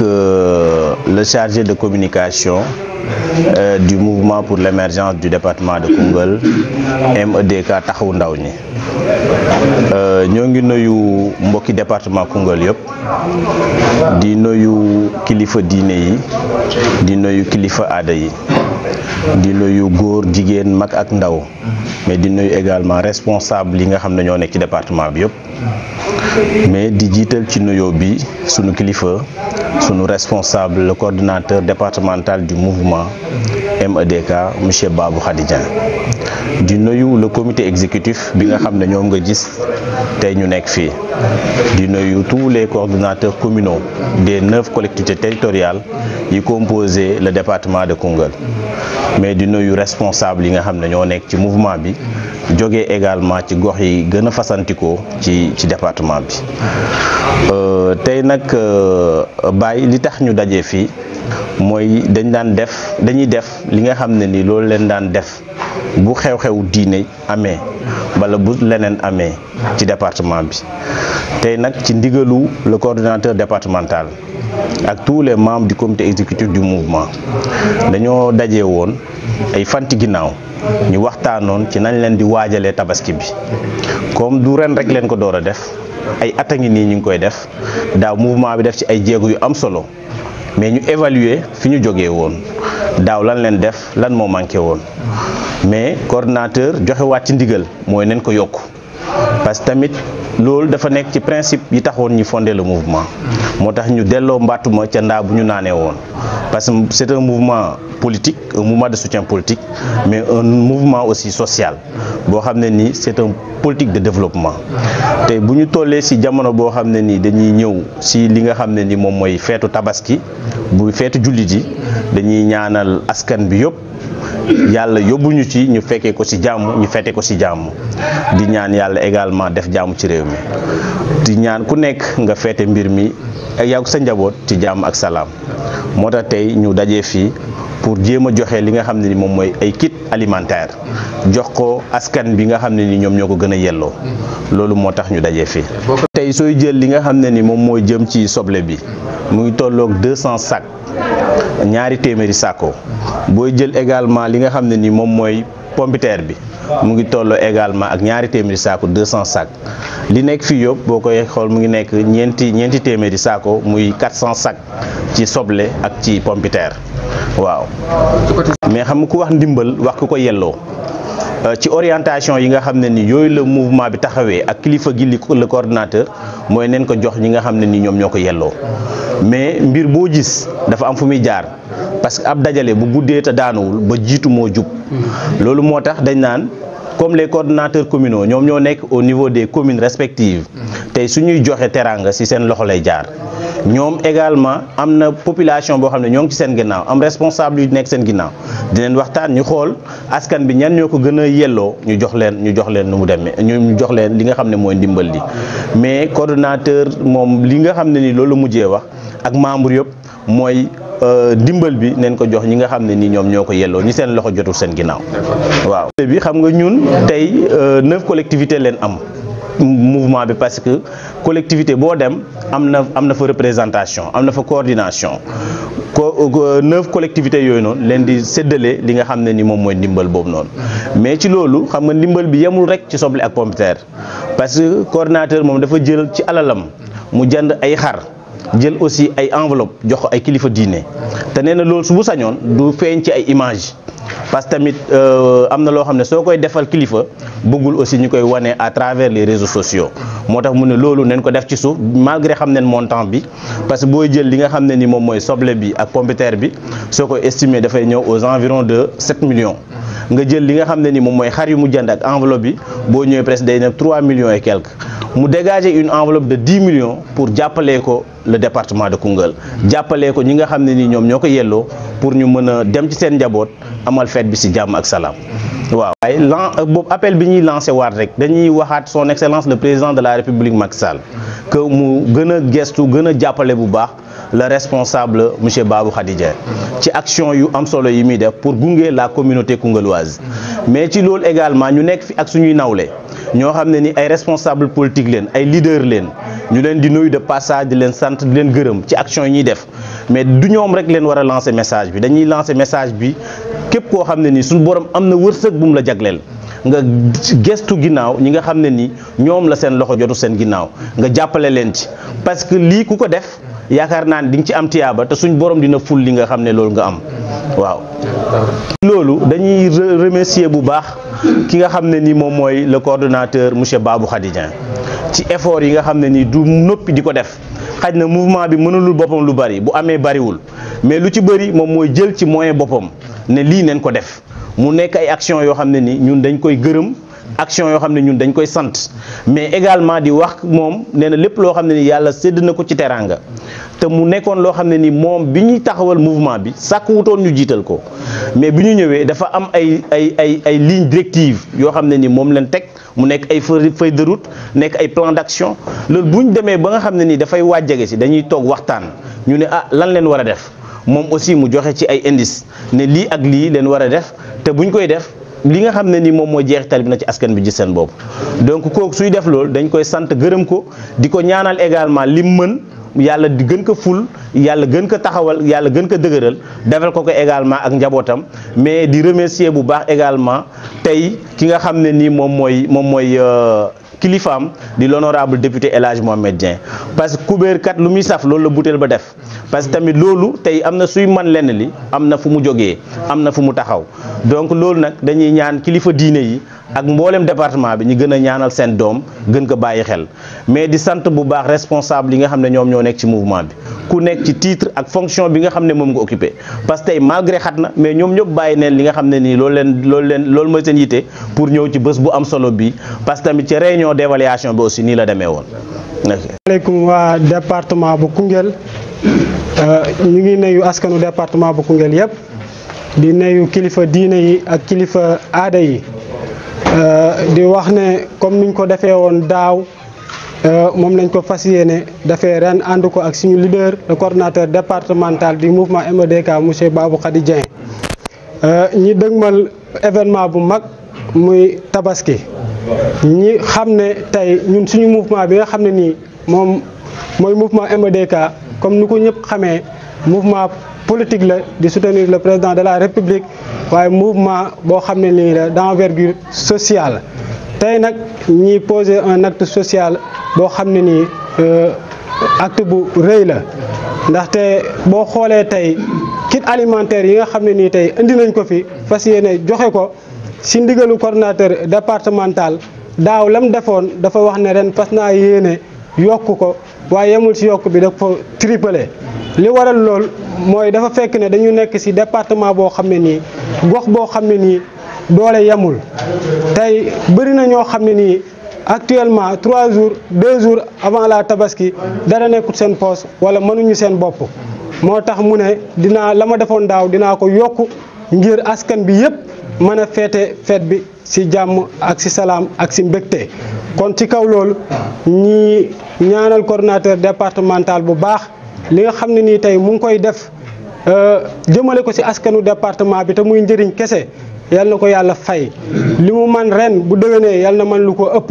Euh, le chargé de communication euh, du mouvement pour l'émergence du département de Kongol, MEDK taxawu euh, ñoo ngi nuyu mbokki département Koungheul yëpp di nuyu kilifa diine yi di nuyu kilifa aada yi di nuyu góor jigéen mag ak ndaw mais di nuyu également responsable yi nga xam ne ñoo nekk ci département bi yëpp mais di jiital ci nuyoo bi sunu kilifa sunu responsable la coordinateur départemental du mouvement MEDK monsieur Babou Khady di nuyu le comité exécutif bi nga xam ne ñoom nga gis Nous ñu tous les coordinateurs communaux des neuf collectivités territoriales qui composent le département de Congo. mais nous avons responsable yi nga xam ñoo mouvement bi également les gox yi département Nous avons tous les li tax ñu neuf collectivités territoriales dañ def dañuy def li nga bu xew-xewu diine amee bala bu leneen amee ci département bi tey nag ci ndigalu le coordinateur départemental ak tous les membres du comité exécutif du mouvement dañoo daje woon ay fanti ginnaaw ñu waxtaanoon ci nañ leen di waajalee tabaski bi comme du ren rek leen ko door a def ay at a ngi nii ñu ngi koy def daaw mouvement bi def ci ay jéego yu am solo mais ñu évaluer fi ñu jógee woon daaw lan leen def lan moo manqué woon mais coordinateur joxewaat ci ndigal mooy nañ ko yokk parce que tamit loolu dafa nekk ci principe yi taxoon ñu fondé le mouvement moo tax ñu delloo mbattuma ca ndaa bu ñu naanee woon parce que c'est un mouvement politique un mouvement de soutien politique mais un mouvement aussi social boo xam ne nii c'est un politique de développement te bu ñu tollee ci jamono boo xam ne nii dañuy ñëw si li nga xam ne ni moom mooy feetu tabaski bu feetu jullit yi dañuy ñaanal askan bi yëpp yàlla yóbbuñu ci ñu fekkee ko ci jàmm ñu fete ko ci jàmm di ñaan yàlla également def jàmm ci réew mi di ñaan ku nekk nga feete mbir mi ak yàgg sa njaboot ci jàmm ak salaam moo tax tey ñu dajee fii pour jéem a joxe li nga xam ne ni moom mooy ay kit alimentaire jox ko askan bi nga xam ne ni ñoom ñoo ko gën a yelloo loolu moo tax ñu dajee fii tey sooy jël li nga xam ne ni moom mooy jëm ci soble bi muy tolloog deux cent sacs ñaari téeméeri sako booy jël également li nga xam ne ni moom mooy pompiteer bi mu ngi tolloo également ak ñaari téeméeri saako deux cent sacs li nekk fii yëpp boo koy xool mu ngi nekk ñeenti ñeenti téeméeri saako muy quatre cent sacs ci soble ak ci pompiteer waaw mais xam nga ku wax ndimbal wax ku ko yelloo Euh, ci orientation yi nga xam ne ni yooyu la mouvement bi taxawee ak kilifa gi la le coordinateur mooy neen ko jox ñi nga xam ne ni ñoom ñoo ko yelloo mais mbir boo gis dafa am fu muy jaar parce que ab dajale bu guddee te daanuwul ba jiitu moo jub loolu moo tax dañ naan comme les coordonnateurs communaux ñoom ñoo nekk au niveau des communes respectives tey su ñuy joxe teraanga ci seen loxo lay jaar ñoom également am na population boo xam ne ñoo ngi ci seen ginnaaw am responsable yu nekk seen ginnaaw dineen waxtaan ñu xool askan bi ñan ñoo ko gën a yelloo ñu jox leen ñu jox leen nu mu demee ñu jox leen li nga xam ne mooy ndimbal li mais coordinateur moom li nga xam ne nii loolu mujjee wax ak membre yëpp mooy euh, dimbal bi neen ko jox ñi nga xam ne nii ñoom ñoo ko yelloo ñi seen loxo jotul seen ginnaaw waaw bi xam nga ñun tey euh, neuf collectivités leen am mouvement parce que collectivité bo dem représentation coordination euh, neuf collectivités yoy non len di sédélé li nga mais ci lolu xam nga bi rek ci parce que coordinateur dafa jël ci alalam mu ay jël aussi ay enveloppe jox ko ay kilifa diiné té néna lool su bu sañon du feeñ ci ay image parce que tamit euh amna lo xamné sokoy défal kilifa bëggul aussi ñukoy wané à travers les réseaux sociaux motax tax mu ne loolu nañ ko def ci su malgré xamné montant bi parce que boy jël li nga xamné ni mom moy soble bi ak computer bi soo koy da fay ñëw aux environs de 7 millions nga jël li nga xamné ni mom moy xar yu mu jënd ak enveloppe bi bo ñëwee presque day 3 millions et quelques mu dégager une enveloppe de 10 millions pour jàppalee le département de Koungheul jàppalee ko ñi nga xam ni pour ñu mën à dem ci seen njaboot amal fête bi si jàmm ak est appel lancé waat rek dañuy son excellence le président de la république Macky que nous gën a gestu gën bu le responsable M. Babou Khadija ci action yu am solo pour gonger la communauté congolaise mais ci loolu également ñu nek fi ak suñuy nawlé ño xamné ni ay responsable politique leen ay leader leen ñu leen di nuyu de passage di leen sante di leen gëreum ci action yi ñuy def mais du ñoom rek leen wara lancer message bi dañuy lancer message bi képp ko xamné ni suñu borom amna wërseuk bu mu la jagleel nga gestu ginnaaw ñi nga xamné ni ñoom la seen loxo jotu seen ginnaaw nga jappalé leen ci parce que li ku ko def. yaakaar naa ne di nga ci am tiyaaba te suñ borom dina ful li nga xam ne loolu nga am waaw loolu dañuy remercier bu baax ki nga xam ne ni moom mooy le coordonnateur monsieur Babou Khadidien ci effort yi nga xam ne nii du noppi di ko def xaj na mouvement bi mënalul boppam lu bari bu amee bariwul mais lu ci bëri moom mooy jël ci moyen boppam ne lii neen ko def mu nekk ay action yoo xam ne ni ñun dañ koy gërëm action yo xamné ñun dañ koy sante mais également di wax mom nee na lépp loo xam ni yalla sédd na ci teraanga té mu nekkoon lo xamné ni mom bi taxawal mouvement bi sakku wutone ñu jiital ko mais biñu ñëwé dafa am ay ay ay ay ligne directive yo xamné ni mom leen teg mu nekk ay feuille de route nekk ay plan d'action lool buñu démé ba nga xamné ne ni dafay wàjjage ci dañuy tok waxtaan ñu né ah lan leen wara def mom aussi mu joxé ci ay indice né li ak li leen wara def té buñ koy def li nga xam ne ni moom mooy jeexital bi na ci askan bi gis seen bopp donc kooku suy def loolu dañ koy sant gërëm ko di ko ñaanal également lim mën yàlla di gën ko ful yàlla gën ko taxawal yàlla gën ko dëgëral defal ko ko également ak njabootam mais di remercier bu baax également tey ki nga xam ne nii moom mooy moom mooy euh, kilifaam di l'honorable député El Hadj Mohamed Dieng parce que kubéerkat lu muy saf loolu la butéel ba def parce que tamit loolu tey am na suy man lenn li am na fu mu jógee am na fu mu taxaw donc loolu nag dañuy ñaan kilifa diine yi ak mboolem département bi ñu gën a ñaanal seen doom gën ko bàyyi xel mais di sant bu baax responsable yi nga xam ne ñoom ñoo nekk ci mouvement bi ku nekk ci titre ak fonction bi nga xam ne moom nga occupé parce que tey malgré na mais ñoom ñëpp bàyyi neen li xam ne nii loolu leen loolu leen loolu mooy seen yitte pour ñëw ci bés bu am solo bi parce que tamit ci réunion d'évaluation bi aussi ni la demee woon. asalaamaaleykum waa département bu Koungheul euh, ñu ngi nuyu askanu département bu Koungheul yëpp di neyu kilifa diine yi ak kilifa aada yi. Euh, di wax ne comme niñ ko defee woon daaw euh, moom lañ ko fas yéene defee ren ànd ko ak suñu leader le coordonnateur départemental du mouvement MEDK monsieur Babou Khady Dieng euh, ñi dëgmal événement bu mag muy tabaski ñi xam ne tey ñun suñu mouvement bi nga xam ne nii moom mooy mouvement MEDK comme ni ko ñëpp xamee mouvement politique la di soutenir le président de la république waaye mouvement boo xam ne lii la d'envergure sociale tey nag ñi poser un acte social boo xam ne nii euh, acte bu rëy la ndaxte boo xoolee tey kiit alimentaire yi nga xam ne nii tey indi nañ ko fi fas yéene joxe ko si ndigalu kordinateur départemental daaw lam defoon dafa wax ne ren fas naa yéene yokk ko waaye yemul si yokk bi daf ko triplé li waral lool mooy dafa fekk ne dañu nekk ci département boo xam ne nii gox boo xam ne nii doole yemul tey bëri na ñoo xam ne nii actuellement trois jours deux jours avant la tabaski dara nekkut seen poos walla mënuñu seen bopp moo tax mu ne dinaa la ma defoon daaw dinaa ko yokk ngir askan bi yépp mën a feete feet bi ci jàmm ak ci salaam ak ci mbégte kon ci kaw loolu ñi ñaanal coordinateur départemental bu baax li nga xam ne nii tey mu ngi koy def euh, jëmale ko ci askanu département bi te muy njëriñ kese yal na ko yàlla fay li mu man ren bu déwénee yal na man lu ko ëpp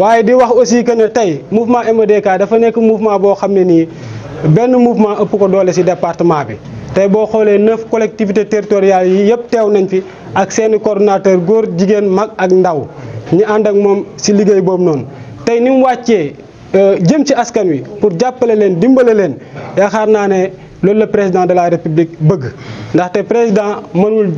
waaye di wax aussi que ne tey mouvement MEDK dafa nekk mouvement boo xam ne nii benn mouvement ëpp ko doole ci département bi tey boo xoolee neuf collectivité territoriales yi yëpp teew nañ fi ak seeni coordonnateur góor jigéen mag ak ndaw ñu ànd ak moom ci liggéey boobu noonu tey ni mu wàccee Euh, jëm ci askan wi pour jàppale leen dimbale leen yaakaar naa ne loolu la président de la république bëgg ndaxte président mënul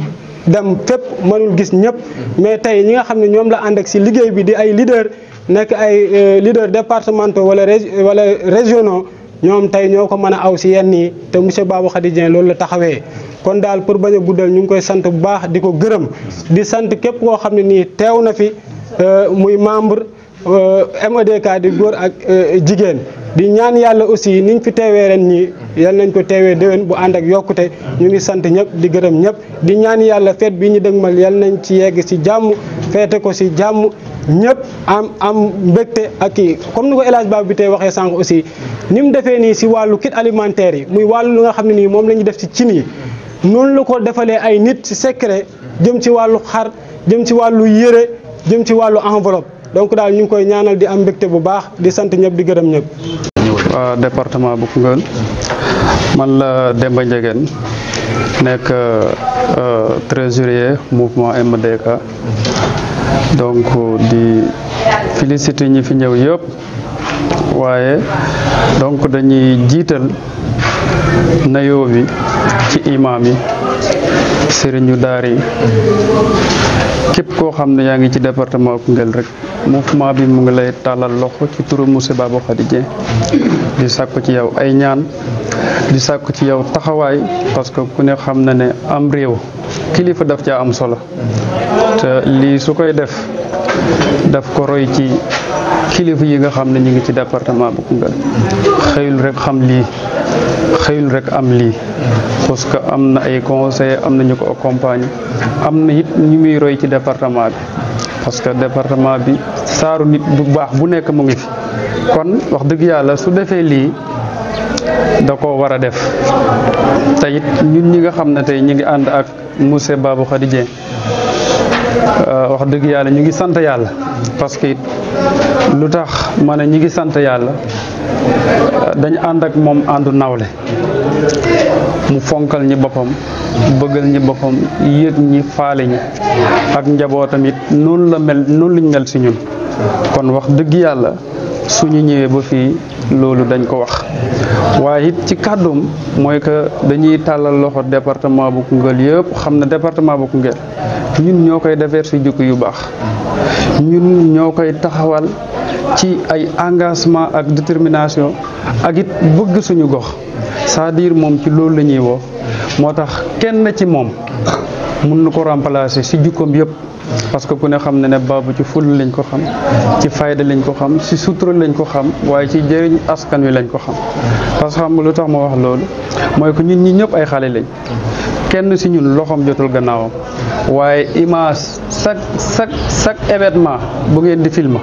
dem fépp mënul gis ñëpp mais tey ñi nga xam ne ñoom la ànd ak si liggéey bi di ay leader nekk ay euh, leader départementaux wala wala régionaux ñoom tey ñoo ko mën a aw si yenn yi te monsieur Babou Khady Dieng loolu la taxawee kon daal pour bañ a guddal ñu ngi koy sant bu baax di ko gërëm di sant képp koo xam ne nii teew na fi euh, muy membre Eh, MODK di gur ak eh, jigen di ñaan yalla aussi niñ fi téwé ren ñi yalla nañ ko téwé bu and ak yokuté ñu ngi sant ñep di gëreem ñep di ñaan yalla fête bi ñi dëgmal yalla nañ ci yegg ci jamm feete ko ci jamm ñep am am mbékté ak comme ni ko élage baab bi té waxé sank aussi nim mu ni ci si kit alimentaire yi muy walu lu nga xamni ni mom lañu def ci la ko défalé ay nit ci secret jëm ci walu xar jëm ci walu yéré jëm ci walu enveloppe donc daal ñu ngi koy ñaanal di am mbégte bu baax di sant ñëpp di gërëm ñëpp. waa département bu Koungheul man la Demba Ndiéguène nekk euh, trésorier mouvement MDK donc di féliciter ñi fi ñëw yëpp waaye donc dañuy jiital nayoo bi ci imam yi sëriñu daara yi képp koo xam ne yaa ngi ci département Koungheul rek mouvement bi mu ngi lay tàllal loxo ci turu Monsieur Babou Khady Dieng di sàkku ci yow ay ñaan di sakk ci yow taxawaay parce que ku ne xam na ne am réew kilifa daf caa am solo te lii su koy def daf ko roy ci kilifa yi nga xam ne ñu ngi ci département bu Koungheul xëyul rek xam lii xëyul rek am lii parce que am na ay conseil am na ñu ko accompagner am na it ñu muy roy ci département bi parce que département bi saaru nit bu baax bu nekk mu ngi fi kon wax dëgg yàlla su defee lii da ko war a def te it ñun ñi nga xam ne tey ñu ngi ànd ak monsieur Babou Khady Dieng euh, wax dëgg yàlla ñu ngi sant yàlla parce que it lutax mané ñi ngi sante yalla dañ and ak mom andu nawle mu fonkal ñi bopam bëggal ñi bopam yëg ñi faalé ñi ak njabootam tamit noonu la mel noonu lañ mel ci ñun kon wax dëgg yalla suñu ñëwé ba fi lolu dañ ko wax waye ci kàddum moy ke dañuy talal loxo département bu Koungheul yépp xamna département bu Koungheul ñun ñokay koy defar yu bax ñun ñokay taxawal ci ay engagement ak détermination ak it bëgg suñu gox saa diir moom ci loolu la ñuy woo moo tax kenn ci moom mun nu ko remplacer si jukkoom yëpp parce que ku ne xam ne ne baabu ci ful lañ ko xam ci fayda lañ ko xam si sutura lañ ko xam waaye ci jëriñ askan wi lañ ko xam parce que xam lu tax ma wax loolu mooy que ñun ñi ñëpp ay xale lañ kenn si ñun loxoom jotul gannaawam waaye image chaque chaque chaque événement bu ngeen di film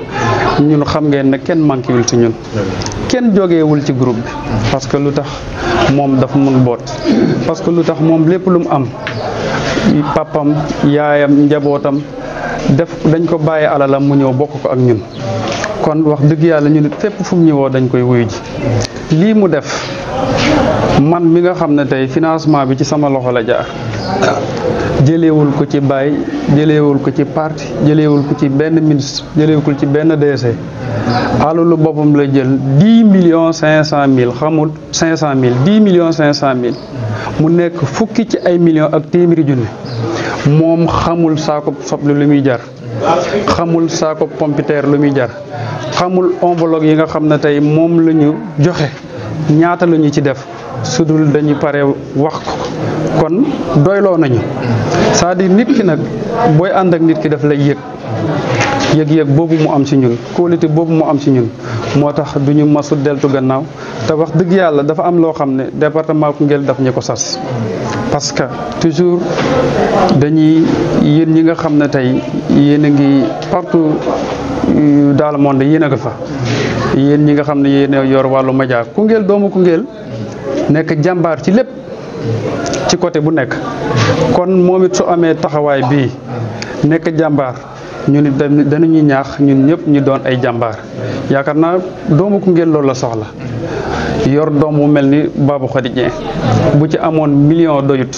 ñun xam ngeen ne kenn manqué wul si ñun kenn jogewul ci groupe bi parce que lu tax moom dafa mun boot parce que lu tax moom lépp lu mu am papam yaayam njabootam def dañ ko bàyyi alalam mu ñëw bokk ko ak ñun kon wax dëgg yàlla ñu nit fépp fu mu ñëwoo dañ koy wuyu ji lii mu def man mi nga xamne tay financement bi ci sama loxo la jaar jeleewul ko ci bay jeleewul ko ci parti jeleewul ko ci benn ministre jeleewul ko ci benn DC e. lu bopam la jël 10 millions 500.000, xamul 500000 10 millions 500.000. mu nek fukki ci ay millions ak temiri junne mom xamul saako soble lu muy jaar xamul saako pompiteer lu muy jaar xamul enveloppe yi nga xamne tay mom lañu joxe ñaata lañu ci def su dul dañu pare wax ko kon doyloo nañu saa à dire nit ki nag booy ànd ak nit ki daf lay yëg yëg-yëg boobu mu am ci ñun qualité boobu mu am ci ñun moo tax du ñu masu deltu gannaaw te wax dëgg yàlla dafa am loo xam ne département Koungheul daf ñu ko sas parce que toujours dañuy yéen ñi nga xam ne tey yéen a ngi partout euh, dans le monde yéen a nga fa yéen ñi nga xam ne yéen yor wàllu média Koungheul doomu Koungheul nekk jàmbaar ci lépp ci côté bu nekk kon moom su amee taxawaay bii nekk jàmbaar ñu nit dañuy ñaax ñun ñëpp ñu doon ay jàmbaar yaakaar naa doomu Koungheul loolu la soxla yor doom mu mel ni Babou Khady Dieng bu ci amoon million doyut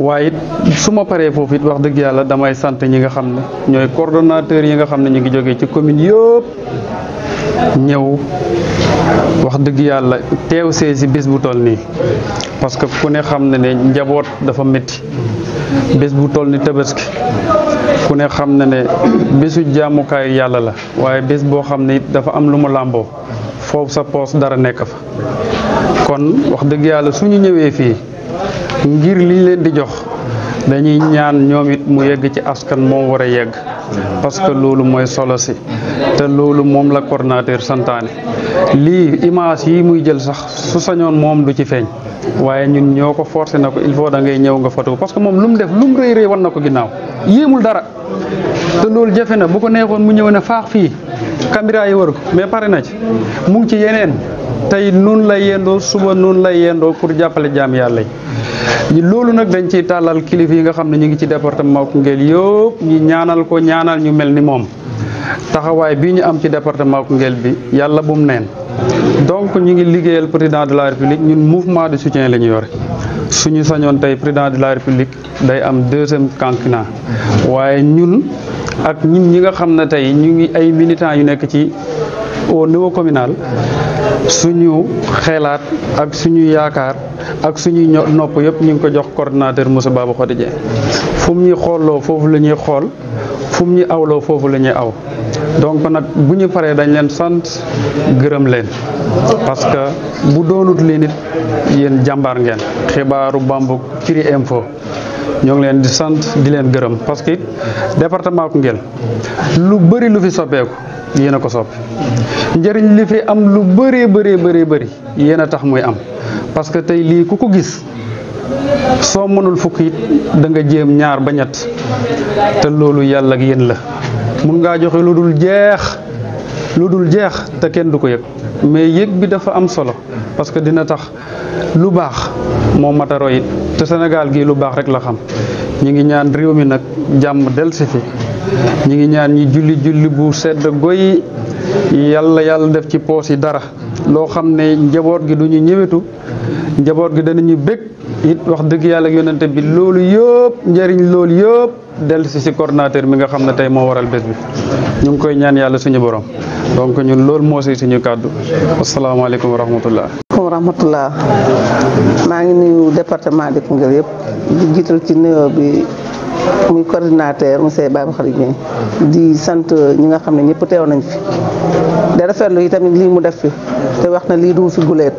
waaye it su ma paree foofu it wax dëgg yàlla damay sant ñi nga xam ne ñooy coordonnateur yi nga xam ne ñu ngi jógee ci commune yëpp ñëw wax dëgg yàlla teew seesi bés bu toll nii parce que ku ne xam na ne njaboot dafa metti bés bu toll ni tabaski ku ne xam na ne bésu jaamukaay yàlla la waaye bés boo xam ne dafa am lu mu làmboo foofu sa poos dara nekk fa kon wax dëgg yàlla suñu ñëwee fii ngir liñ leen di jox dañuy ñaan ñoom it mu yegg ci askan moom war a yegg parce que loolu mooy solo si te loolu moom la coordinateur santaane lii image yi muy jël sax su sañoon moom du ci feeñ waaye ñun ñoo ko forcé na ko il faut da ngay ñëw nga foto parce que moom lu mu def lu mu rëy rëy wan na ko ginnaaw yéemul dara te loolu jafe na bu ko neexoon mu ñëw ne faax fii caméra yi waru mais pare na ci mu ci yeneen tey nun lay yendoo suba nun lay yendoo pour jàppale jaam yàlla yi loolu nag dañ ciy tàllal kilifa yi nga xam ne ñu ngi ci département Koungheul yëpp ñu ñaanal ko ñaanal ñu mel ni moom taxawaay bii ñu am ci département Koungheul bi yàlla bu mu neen donc ñu ngi liggéeyal président de la république ñun mouvement de soutien lañu ñu su ñu sañoon tey président de la république day am deuxième quinquennat waaye ñun ak ñun ñi nga xam ne tey ñu ngi ay militants yu nekk ci au niveau communal suñu xelaat ak suñu yaakaar ak suñu nopp yëpp ñu ngi ko jox coordonnateur Moussa Baba Khody Dieng fu mu ñu xooloo foofu la ñuy xool fu mu ñu awloo foofu la ñuy aw donc nag bu ñu paree dañ leen sant gërëm leen parce que bu doonut leen it yéen jàmbaar ngeen xibaaru Bambouk Firi Infos ñoo ngi leen di sant di leen gërëm parce que département ngeen lu bëri lu fi soppeeku yena ko sopp njariñ li fi am lu beure beure beure bëri yena tax moy am parce que tay li kuku gis so mënul fukki da nga jëm ñaar ba ñatt te lolu yalla ak yeen la mun nga joxe lu jeex jeex te kenn du ko yek mais yek bi dafa am solo parce que dina tax lu bax mo mata roy te senegal gi lu bax rek la xam ñi ngi ñaan réew mi nak del ci fi ñu ngi ñaan ñi julli julli bu sedd goy yàlla yàlla def ci poos yi dara loo xam ne njaboot gi du ñu ñëwetu njaboot gi danañu bég it wax dëgg yàlla ak yonente bi loolu yëpp njëriñ loolu yëpp del si si coordinateur mi nga xam ne tey moo waral bés bi ñu ngi koy ñaan yàlla suñu borom donc ñun loolu moo si suñu kàddu asalaamaaleykum wa rahmatullah wa maa ngi nuyu département de Koungheul yëpp di jiital ci nuyoo bi muy coordinateur monsieur Babacar Dieng di sant ñi nga xam ne ñëpp teew nañ fi da rafetlu yi tamit lii mu def fi te wax na lii du fi guleet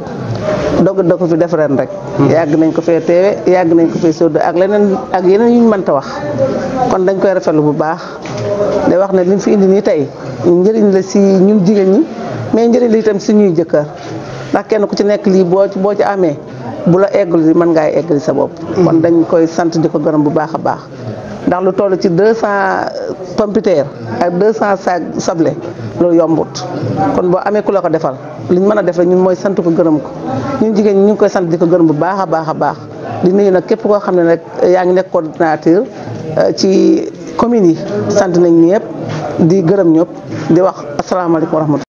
dogg da ko fi def ren rek yàgg nañ ko fee teewe yàgg nañ ko fee sóodoo ak leneen ak yeneen yuñ mënta wax kon dañ koy rafetlu bu baax de wax na li fi indi nii tey njëriñ la si ñun jigéen ñi mais njëriñ la itam suñuy jëkkër ndax kenn ku ci nekk lii boo boo ci amee bu la eggul mën ngaa eggali sa bopp kon dañ koy sant di ko gërëm bu baax a baax ndax lu toll ci deux cent pompiteer ak deux cent sac soble loolu yombut kon boo amee ku la ko defal liñ mën a def rek mooy sant ko gërëm ko ñun jigéen ñi ñu ngi koy sant di ko gërëm bu baax a baax a baax di nuyu nag képp koo xam ne rek yaa ngi nekk coordinateur euh, ci communes yi sant nañ ñëpp di gërëm ñëpp di wax asalaamaaleykum wa rahmatulah